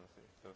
konferencji.